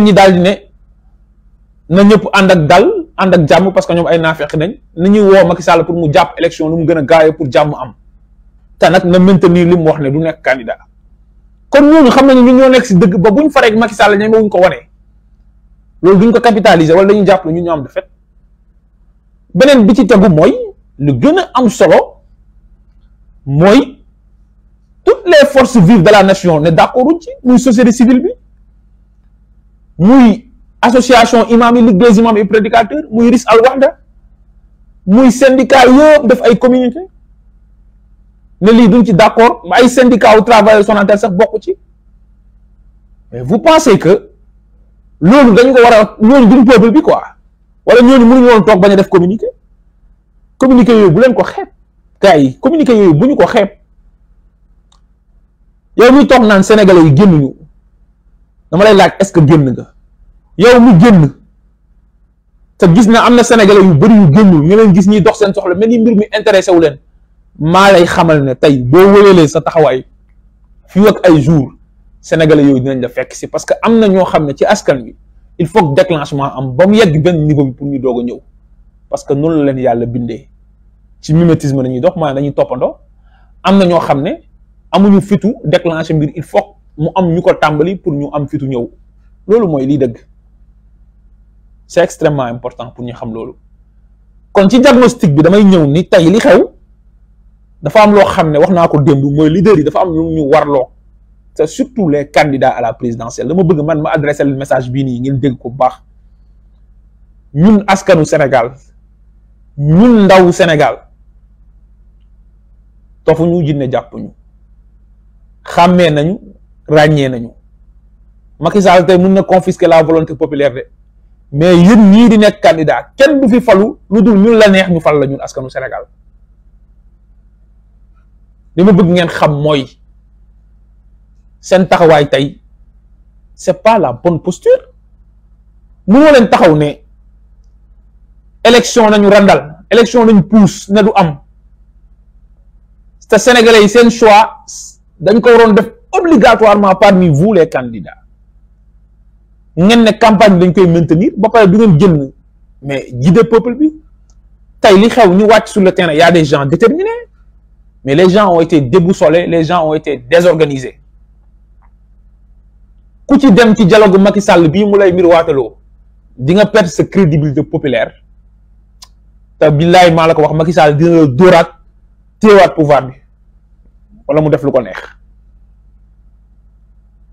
ñeneen ñi daal di ne na ñëpp ànd ak dal ànd ak jàmm parce que ñoom ay naafeq nañ na ñuy woo Macky Sall pour mu jàpp élection lu mu gën a gaawee pour jàmm am te nag na maintenir li mu wax ne du nekk candidat kon ñooñu xam ne ñun ñoo nekk si dëgg ba buñ faree ak Macky Sall ñeme wuñ ko wanee loolu duñ ko capitaliser wala dañuy jàpp ne ñu ñoo am defet beneen bi ci tegu mooy lu gën a am solo mooy toute les forces vives de la nation ne d'accord ci muy société muy association imam yi ligue des imams et prédicateurs muy RIS al Wahda muy syndicat yëpp def ay communauté ne lii duñ ci d'accord ay syndicat wu travailleurs Sonatel sax bokk ci mais vous pensez que loolu dañ ko war a loolu duñ peuple bi quoi wala ñooñu mënuñu woon toog bañ def communiqué communiqué yooyu bu leen ko xeeb gars yi communiqué yooyu bu ñu ko xeeb yow ñuy toog naan sénégalais yi génnuñu dama lay laaj est-ce génn nga yow mi génn te gis na amna sénégalais yu bari yu génnul ñu leen gis ñi dox seen soxla mel mbir mi intéressé wu leen ma lay xamal ne tay bo wëlelee sa taxaway fi ak ay jour sénégalais yooyu dinañ la fekk ci parce que amna ño xamné ci askan bi il faut que déclenchement am bam yegg ben niveau bi pour ñu dogo ñëw parce que noonu la leen yàlla bindé ci mimétisme lañuy dox ma lañuy topando amna ño xamné amuñu fitu déclencher mbir il faut mu am ñu ko tàmbali pour ñu am fitu ñëw loolu mooy lii dëgg c'est extrêmement important pour ñu xam loolu kon ci diagnostic bi damay ñëw ni tey li xew dafa am loo xam ne wax naa ko démb mooy leader yi dafa am lu ñu warloo c'est surtout les candidats à la présidentielle dama bëgg man ma adressé le message bii nii ngeen dégg ko baax ñun askanu Sénégal ñun ndaw Sénégal tofu ñu jinne jàpp ñu xàmmee nañu ràññee nañu Macky Sall tey mun na confisquer la volonté populaire de mais yéen ñii di nekk candidat kenn du fi falu lu dul ñu la neex ñu fal la ñun askanu senegal li ma bëgg ngeen xam mooy seen taxawaay tey c'est pas la bonne posture mënoo leen taxaw ne élection nañu randal élection nañu puus ne du am te sénégalais seen choix dañ koy waroon def obligatoirement parmi vous les candidats ngeen une campagne que maintenir mais guider peuple bi y a des gens déterminés mais les gens ont été déboussolés les gens ont été désorganisés ku ci dem ci dialogue Macky Sall lay crédibilité populaire pouvoir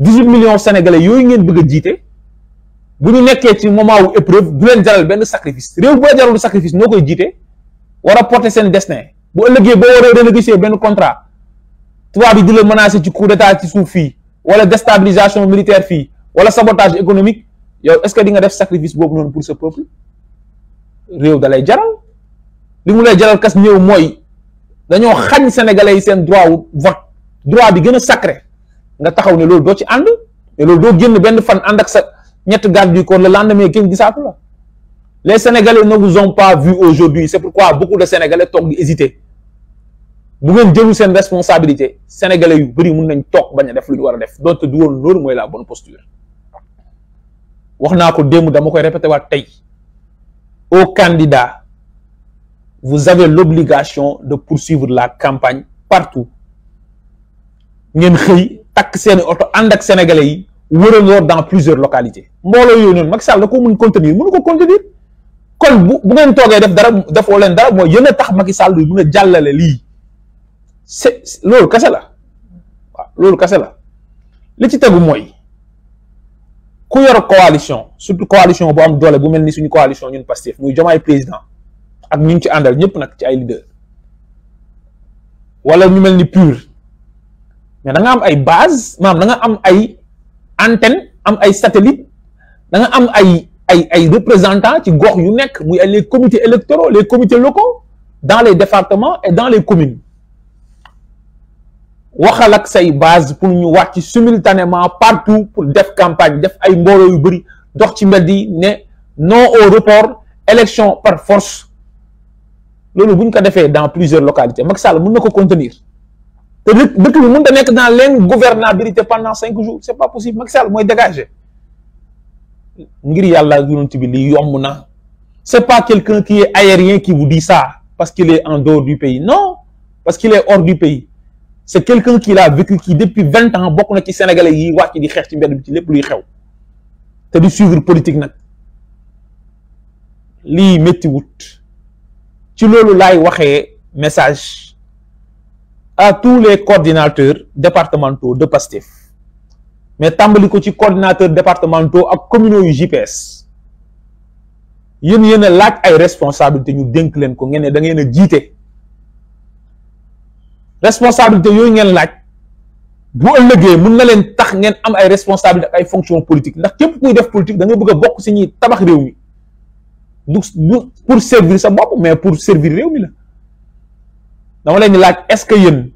dix-huit millions sénégalais yooyu ngeen bëgg a jiite bu ñu nekkee ci moment wu épreuve du leen jaral benn sacrifice réew boo jarul sacrifice noo koy jiite wara a seen destin bu ëllëgee boo war a benn contrat tubaab bi di la menacer ci coup d'état ci suuf fii wala déstabilisation militaire fii wala sabotage économique yow est-ce que di nga def sacrifice boobu noonu pour ce peuple réew da jaral li mu lay jaral kas ñëw mooy dañoo xañ sénégalais yi seen droit wu vote droit gën a sacré nga taxaw ne lolou do ci ànd et lolou do génn benn fan ànd ak sa ñett garde du corps le lendemain kenn gisaatu la les sénégalais ne vous ont pas vu aujourd'hui c'est pourquoi beaucoup de sénégalais tok di bu ngeen jëlu sen responsabilité sénégalais yu bari mun nañ toog bañ def luñu wara def du woon loolu moy la bonne posture waxna ko démb dama koy répéter waat tay aux candidats vous avez l'obligation de poursuivre la campagne partout ngeen xey tak seen auto ànd ak sénégalais yi wëraloo dans plusieurs localités mbolo yooyu noonu Macky Sall da ko mën contenir mënu ko contenir kon bu bu ngeen toogee def dara defoo len dara moy yéen tax Macky Sall du mun a jàllale lii c'est loolu kese la waaw loolu kese la li ci tegu moy ku yor coalition surtout coalition bu am doole bu melni suñu coalition ñun pastif muy jomay président ak ñu ci andal ñëpp nak ci ay leader wala ñu melni PUR mais da nga am ay base maanaam da nga am ay antenne am ay satellite da nga am ay ay ay représentants ci gox yu les comités électoraux les comités locaux dans les départements et dans les communes waxal ak say base pour ñu voir simultanément partout pour def campagne def ay mboro yu bari dox ci meldi né non au report élection par force lolu qui ko défé dans plusieurs localités Je ne mën pas ko contenir dëkk le monde a nekk dans gouvernabilité pendant 5 jours c'est pas possible Maxal, moi, mooy dégager ngir yàlla bi li c'est pas quelqu'un qui est aérien qui vous dit ça parce qu'il est en dehors du pays non parce qu'il est hors du pays c'est quelqu'un qui l'a vécu qui depuis 20 ans beaucoup de sénégalais yi wàcc di le ci mbedd bi ci lépp luy xew te di suivre politique Li, lii méttiwut ci loolu laay le message à tous les coordinateurs départementaux de PASTEF mais tàmbali ko ci coordinateur départementaux ak communaux yu GPS yéen yéen a laaj ay responsabilité ñu dénk leen ko ngeen ne da ngeen a jiite responsabilité yooyu ngeen laaj bu ëllëgee mun na leen tax ngeen am ay responsabilité ak ay fonction politique ndax képp kuy def politique da nga bëgg bokk si ñuy tabax réew mi du du pour servir sa bopp mais pour servir réew mi la dama leen laaj est-ce que yéen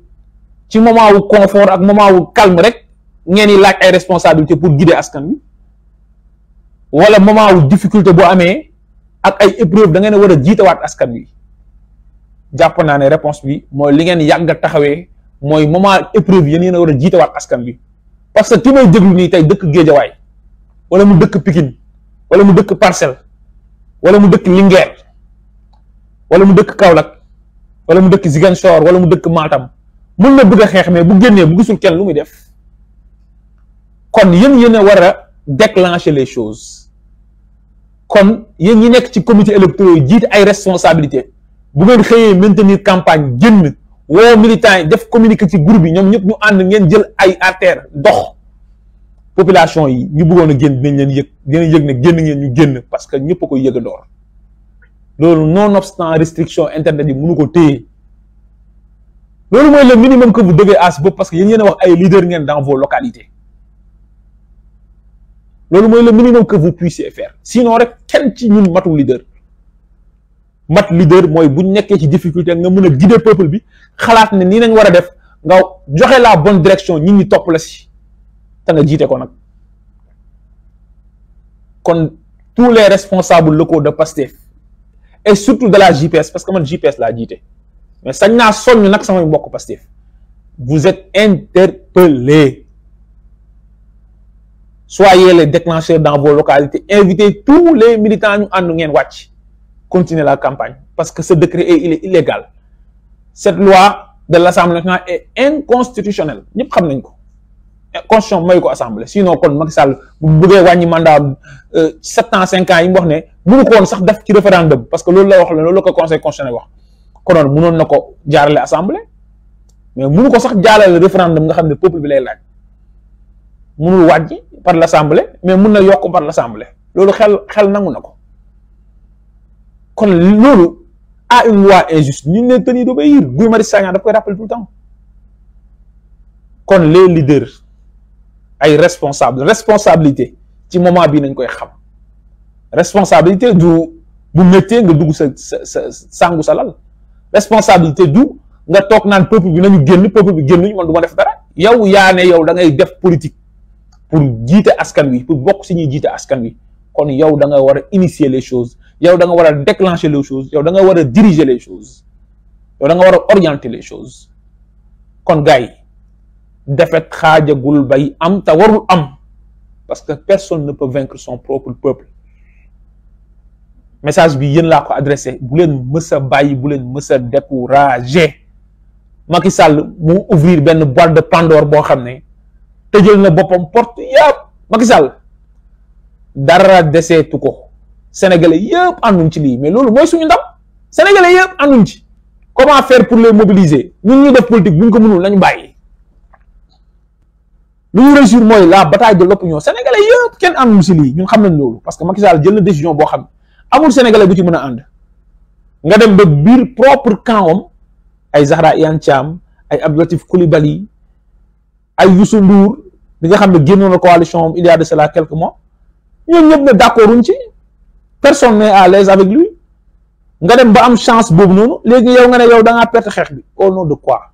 ci moment wu confort ak moment wu calme rek ngeen ni laaj ay responsabilité pour guider askan wi wala moment wu difficulté bo amé ak ay épreuve da ngeen wara jité wat askan wi japp na né réponse bi moy li ngeen yag taxawé moy moment épreuve yéen yéen wara jité wat askan wi parce que timay may déglu nii tey dëkk way wala mu dëkk Pikine wala mu dëkk parcel wala mu dëkk lingère wala mu dëkk Kaolack wala mu dëkk Ziguinchor wala mu dëkk Matam mën na bëgg a xeex mais bu génnee bu gisul kenn lu muy def kon yéen yéen a war a déclencher les choses kon yéen ñi nekk ci comité électoraux yi jiite ay responsabilité bu ngeen xëyee maintenir campagne génn woo militant yi def communiquer ci groupe bi ñoom ñëpp ñu ànd ngeen jël ay artère dox population yi ñu bëggoon a génn dinañ leen yëg dinañ yëg ne génn ngeen ñu génn parce que ñëpp a koy yëg a door loolu non obstant restriction internet yi mënu ko téye c'est le minimum que vous devez à parce que y a wax leaders dans vos localités C'est le minimum que vous puissiez faire sinon rek kenn ci ñun matu leader mat leader si bu nekkee ci difficulté nga difficultés, a guider peuple bi xalaat ne nii nañ war a def nga joxe la bonne direction ñi ñi top. la si te nga jiite tous les responsables locaux de Pastef et surtout de la JPS parce que la JPS l'a jiite mais sañ naa soññ nag samay mbokk Pastef vous êtes interpellés soyez les déclencheurs dans vos localités invitez tous les militants à ànd ngeen watch. continuer la campagne parce que ce décret est illégal cette loi de l'Assemblée nationale est inconstitutionnelle ne xam nañ ko constitution may ko assemblée sinon kon Macky Sall bu bëggee un mandat 7 euh, ans 5 ans yi mu nous ne savons pas sax référendum parce que c'est la wax le conseil constitutionnel wax konoon mënoon na ko jaarale assemblée mais mënu ko sax jaarale référendum nga xam ne peuple bi lay laaj mënul wàññi par l'assemblée mais mën na yokk par l'assemblée loolu xel xel nangu na ko kon loolu à une loi injuste ñu ne tenus d'obéir Guy Marius Sagna da koy rappeler tout le temps kon les leaders ay responsables responsabilité ci moment bii nañ koy xam responsabilité du bu méttee nga dugg sa sa sa sangu sa lal responsabilité d'où nga tok nan peuple bi nañu genn peuple bi génn ñu man du def dara yow yaane yow da ngay def politique pour jiite askan wi pour bokk si ñuy askan wi kon yow da nga wara a initier les choses yow da nga wara a déclencher les choses yow da nga wara a diriger les choses yow da nga wara a orienter les choses kon gars yi defet xaajagul bay am ta warul am parce que personne ne peut vaincre son propre peuple message bi yeen la ko adressé bu len mësa bayyi bu len mësa décourager Macky Sall mu ouvrir ben boîte de Pandore bo xamné ne jël na bopam porte yëpp Macky Sall dara deseetu tuko sénégalais yépp ànduñ ci li mais lolu moy suñu ndam sénégalais yépp ànduñ ci comment faire pour les mobiliser ñun ñu def politique buñ ko mënul lañu bayyi lu ñu réussir moy la bataille de l'opinion sénégalais yépp kenn ànduñ ci li ñun xam nañ loolu parce que Macky Sall jël na décision bo xamné amul sénégalais bu ci mën a ànd nga dem ba biir propre camp ay Zahra Iyane Thiam ay Abdou Latif Coulibaly ay Youssou Ndour bi nga xam ne génnoon na coalition il y a de cela quelques mois ñoom ñëpp ne d'accord uñ ci personne n'est à l'aise avec lui nga dem ba am chance boobu noonu léegi yow nga ne yow da ngaa perte xeex bi au nom de quoi